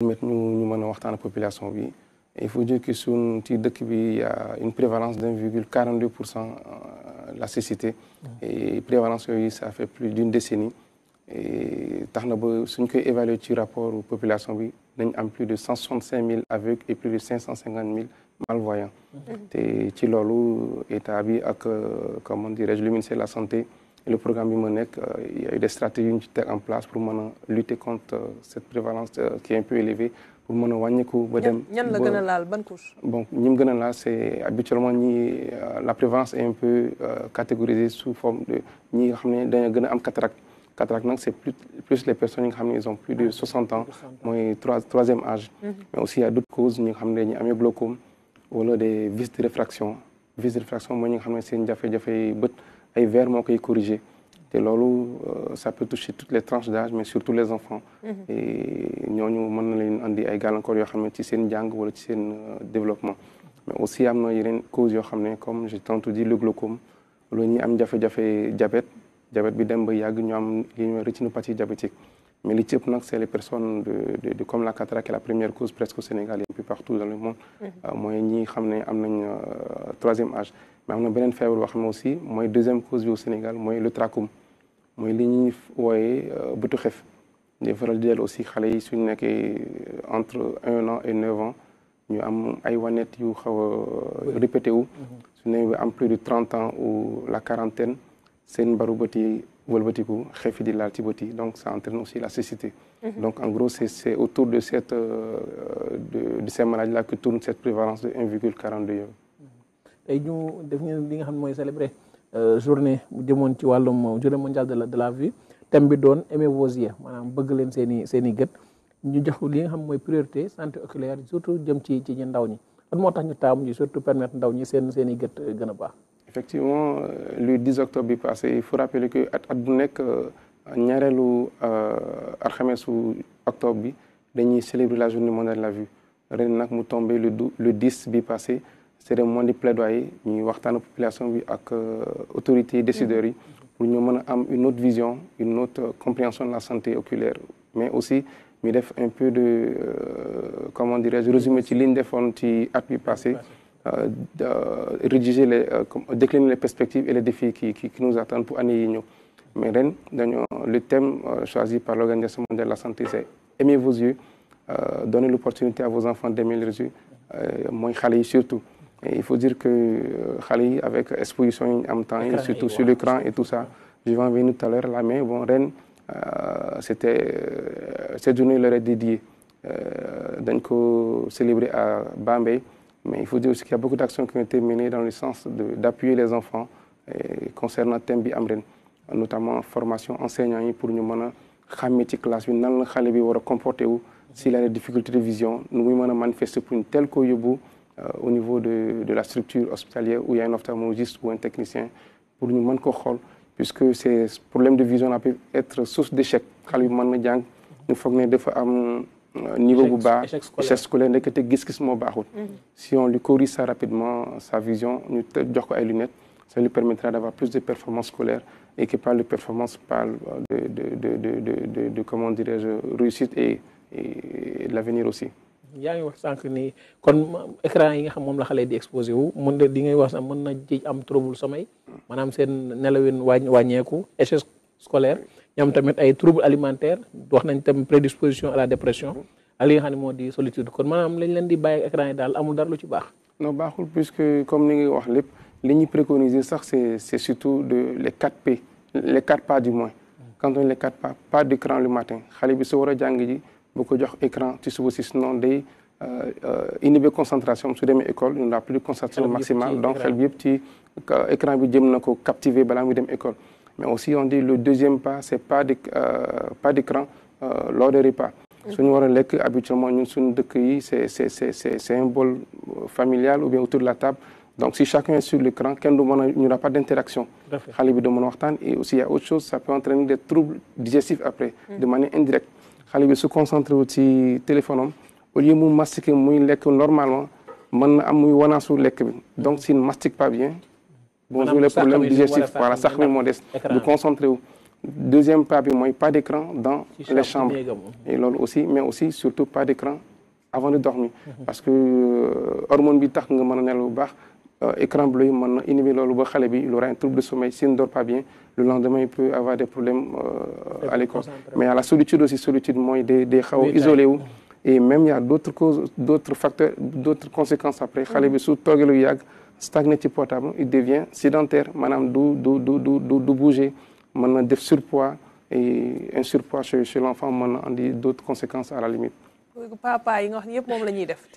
Maintenant, nous avons la population. Il faut dire que sur une a une prévalence d'1,42% de euh, la cécité. Et la prévalence, ça fait plus d'une décennie. Et nous avons évalué le rapport aux populations, nous avons plus de 165 000 aveugles et plus de 550 000 malvoyants. Et nous avons établi, comment je le ministère la Santé le programme Bimonec, euh, il y a eu des stratégies qui étaient en place pour lutter contre euh, cette prévalence euh, qui est un peu élevée. Pour mon a la bon habituellement la prévalence est un peu catégorisée sous forme de ñi nga xam ne cataracte cataracte plus plus les personnes qui ils ont plus de 60 ah, ans moins troisième âge. Mhm. mais aussi il y a d'autres causes ñi y a des vis de réfraction vis de réfraction c'est ñi nga xam seen ay vers moo koy corrigé. te loolu euh, ça peut toucher toutes les tranches d'âge mais surtout les enfants mhm. et ñooñu mën na leen andi ay gàllankoor yoo xam ci wala ci euh, développement mais aussi am na yeneen cause yoo comme j'ai dit le glaucome loolu ñuy am jafe-jafe diabète diabète bi dem ba yàgg ñu am rétinopathie diabétique mais li ci ëpp c'est les personnes de comme la cataracte est la première cause presque au Sénégal et puis partout dans le monde mhm. euh, mooy ñi xam ne troisième âge mais on a beneen fièvre aussi une deuxième cause au Sénégal Moi, le tracum. Moi, li ñuy wooyee euh, bëtu xef day faral aussi xale yi suñ nekkee euh, entre un an et neuf ans ñu am ay wanet yu euh, répété mhm. plus de 30 ans ou la quarantaine c'est une bët yi xef donc ça entraîne aussi la cécité mhm. donc en gros c'est autour de cette de, de ces maladies là que tourne cette prévalence de 1,42 tey ñu def ngeen li nga xam ne mooy célébrer euh, journée jëmoon ci wàllum journée mondiale de la de la vue thème bi doon aimez vos yeux maanaam bëgg leen seen i seen i gët ñu jox li nga xam mooy priorité santé oculaire surtout jëm ci ci ñu ndaw ñi lan moo tax ñu taamu ji surtout permettre ndaw ñi seen seen i gët euh, gën a baax. effectivement euh, le 10 octobre bi passé il faut rappeler que at at bu nekk ñaareelu alxamesu octobre bi dañuy célébrer la journée mondiale de la vue ren nag mu tombé le 10 bi passé cérémonie plaidoyer ñuy waxtaan population bi ak euh, autorités décideurs pour ñu mën une autre vision une autre euh, compréhension de la santé oculaire mais aussi nous def un peu de euh, comment dirais-je résumé ci liñ defoon ci rédiger décliner les perspectives et les défis qui nous attendent pour année mais le thème choisi par l'Organisation mondiale de la santé c'est aimer vos yeux donner l'opportunité à vos enfants d'aimer leurs yeux moins xale surtout il faut dire que xale euh, avec exposition temps surtout sur l'écran et tout ça je vais en venir tout à l'heure La main, bon euh, c'était euh, cette journée leur est dédiée d'un coup célébré à Bambay, mais il faut dire aussi qu'il y a beaucoup d'actions qui ont été menées dans le sens d'appuyer les enfants concernant thème bi notamment formation enseignants pour nous mën a classe bi comporter s'il a des difficultés de vision Nous, muy manifester pour une telle ko euh, au niveau de, de, la structure hospitalière où il y a un ophtalmologiste ou un technicien pour nous manquer puisque ces problèmes de vision peuvent être source d'échec Quand yu nous faut fois niveau mhm. si on lui corrige ça rapidement sa vision nous des lunettes ça lui permettra d'avoir plus de performances scolaires et que par euh, de performance parle de, de, de, de, comment dirais-je réussite et, et de l'avenir aussi yaa ngi wax sànq ni kon écran yi nga xam moom la xale di exposé wu mën na di ngay wax sax mën na ci am trouble sommeil maanaam seen nelawin wàññ wàññeeku échec scolaire ñam tamit ay trouble alimentaire wax nañ tam prédisposition à la dépression ak li nga xam ne moo di solitude kon maanaam lañ leen di bàyyi écran yi daal amul dara lu ci baax non baaxul puisque comme ni nga wax lépp li ñuy préconiser sax c'est c'est surtout de les quatre P les quatre pas du moins quand on les quatre pas pas d'écran le matin xale bi su war a jàng ji beaucoup d'écrans, jox Tu aussi, suba des euh, euh, inhiber concentration sur les écoles. On n'a plus concentration maximale donc il bi petit écran bi captiver mais aussi on dit le deuxième pas c'est pas euh, pas d'écran euh, lors des repas Si voit un l'écran, habituellement nous sommes de c'est un bol euh, familial ou bien autour de la table donc si chacun est sur l'écran il n'y aura pas d'interaction et aussi il y a autre chose ça peut entraîner des troubles digestifs après mm. de manière indirecte xale bi su concentré wu ci téléphone au lieu de mastiquer muy lekk normalement mën na am muy wanaasu lekk donc si ne mastique pas bien bon les problèmes digestifs voilà sax mi moo des concentré wu deuxième pas bi mooy pas d'écran dans les chambres et loolu aussi mais aussi surtout pas d'écran avant de dormir mhm. parce que euh, hormone bi tax nga mën a euh, écran bleu yi mën na inhiber ba xalé bi il aura un trouble de sommeil s'il ne dort pas bien le lendemain il peut avoir des problèmes euh, à l'école mais à la solitude aussi solitude mooy des des xaw isolé wu et même il y a d'autres causes d'autres facteurs d'autres conséquences après xalé bi mm. su toogee lu yàgg stagné ci portable il devient sédentaire maanaam du du du du du bouger mën na def surpoids et un surpoids chez chez l'enfant mën andi d'autres conséquences à la limite papa yi nga wax ni def